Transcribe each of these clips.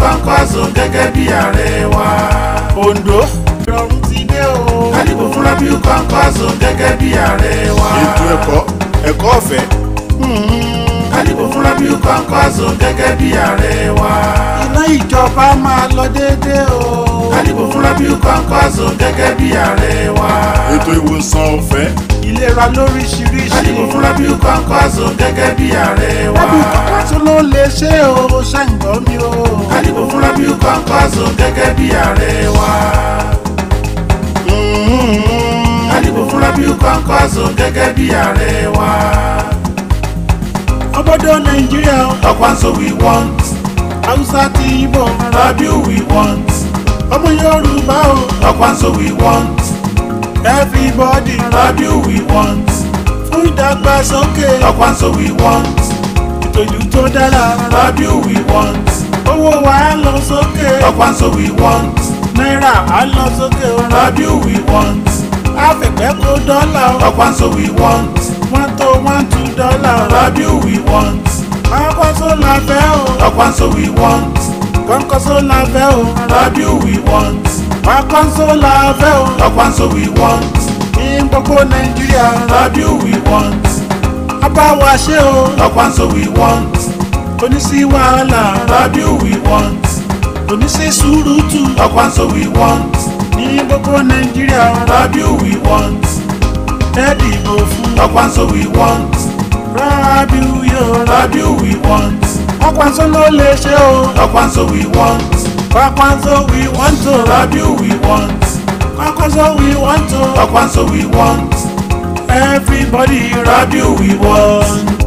kọ́kọ́ sùn gẹ́gẹ́ bí ààrẹ wa. Ondo. Ìrọ̀rùn ti dé o. Kálíbù fún Rábíù kọ́kọ́ sùn gẹ́gẹ́ bí ààrẹ wa. Ètò ẹ̀kọ́ ẹ̀kọ́ ọ̀fẹ́. Hmm. Kálíbù fún Rábíù kọ́kọ́ sùn gẹ́gẹ́ bí ààrẹ wa. Iná ìjọba máa lọ déédéé o. Kálíbù fún Rábíù kọ́kọ́ sùn gẹ́gẹ́ bí ààrẹ wa. Ètò ìwòsàn ọ̀fẹ́ ìlera lóríṣiríṣi. Kálíbù fún Rábíù kọ́kọ́ gẹ́gẹ́ bí ààrẹ wa. Rábíù kọ́kọ́ ló lè ṣe o, ṣàǹgbọ́n mi o. Kwankwaso gẹ́gẹ́ bí ààrẹ wa. Mm-hmm. a dìbò fún Rabiu Kwankwaso gẹ́gẹ́ bí ààrẹ wa. ọbọdọ Nàìjíríà. Kwankwaso we want. Hausa ti Igbo. Rabiu we want. ọmọ Yorùbá o. Kwankwaso we want. everybody. Rabiu we want. fún ìdàgbàsókè. Kwankwaso we want ìṣojú tó dára. What we want? Owó wa á lọ sókè. Ọ̀pá so we want. Náírà á lọ sókè o. What we want? Àfẹ̀gbẹ́ kó dọ́là o. Ọ̀pá so we want. One to one two dollar. What do we want? Ọ̀pá so la fẹ́ o. Ọ̀pá so we want. Kọ́ńkọ́ so la fẹ́ o. What we want? Ọ̀pá so la fẹ́ o. Ọ̀pá so we want. Ní gbogbo Nàìjíríà. What do we want? bá wa ṣe o. ọ̀pánso we want. oníṣí wàhálà Rabiu we want. oníṣí sùúrùtù. ọ̀pánso we want. ní gbogbo Nàìjíríà Rabiu we want. ẹ dìbò fún. ọ̀pánso we want. Rabiu yóò Rabiu we want. ọ̀pánso ló lè ṣe o. ọ̀pánso we want. ọ̀pánso we want o. Rabiu we want. ọ̀pánso we want o. ọ̀pánso we want everybody Rabiu we want.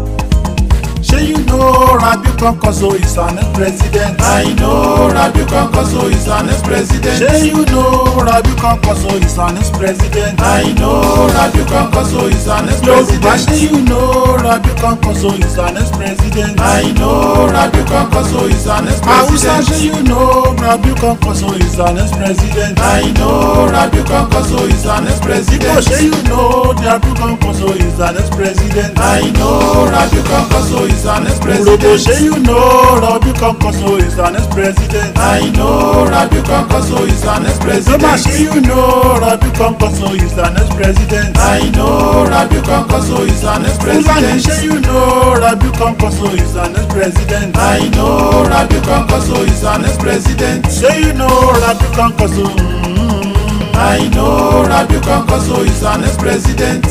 Shey you know Rabiu Kwankwaso is an ex-president. I know Rabiu Kwankwaso is an ex-president. Say you know Rabiu Kwankwaso is an ex-president. I know Rabiu Kwankwaso is an ex-president. Yorùbá you know Rabiu Kwankwaso is an ex-president. I know Rabiu Kwankwaso is an ex-president. Hausa say you know Rabiu Kwankwaso is an ex-president. I know Rabiu Kwankwaso is an ex-president. Igbo you know Rabiu Kwankwaso is an ex-president. I know Rabiu Kwankwaso is an ex-president. Urhobo you You know Rabi Konkoso is an ex-president. I know Rabi Konkoso is an ex-president. Tomashi, you know Rabi Konkoso is an ex-president. I know Rabi Konkoso is an ex-president. Ulanishe, you know Rabi Konkoso is an ex-president. I know Rabi Konkoso is an ex-president. Say you know Rabi Konkoso. Mm-hmm. I know Rabi Konkoso is an ex-president.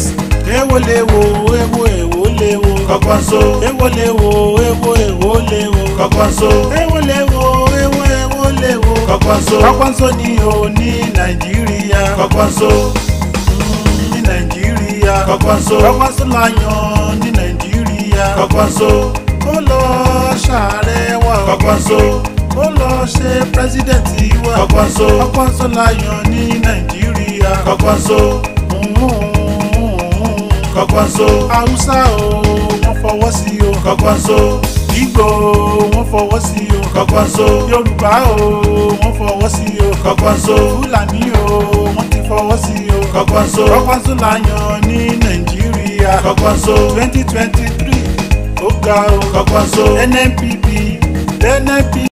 Ewo lewo, ewo ewo léwo kọ̀kan so èwo léwo èwo èwo léwo kọ̀kan so èwo léwo èwo èwo léwo kọ̀kan so kọ̀kan so ni o ní nàìjíríà kọ̀kan so ní nàìjíríà kọ̀kan so kọ̀kan so la yan ní nàìjíríà kọ̀kan so ó lọ ṣàárẹ̀ wa kọ̀kan so ó lọ ṣe pírẹsidẹ̀ntì wa kọ̀kan so kọ̀kan so la yan ní nàìjíríà kọ̀kan so. Mm -hmm kọ́kọ́nso haúsá o wọ́n fọwọ́ sí o kọ́kọ́nso ìgbò wọ́n fọwọ́ sí o kọ́kọ́nso yorùbá o wọ́n fọwọ́ sí o kọ́kọ́nso fúlàní o wọ́n ti fọwọ́ sí o kọ́kọ́nso kọ́kọ́nso la yàn ní nàìjíríà kọ́kọ́nso twenty twenty three ó ga o kọ́kọ́nso nnpp nnpp.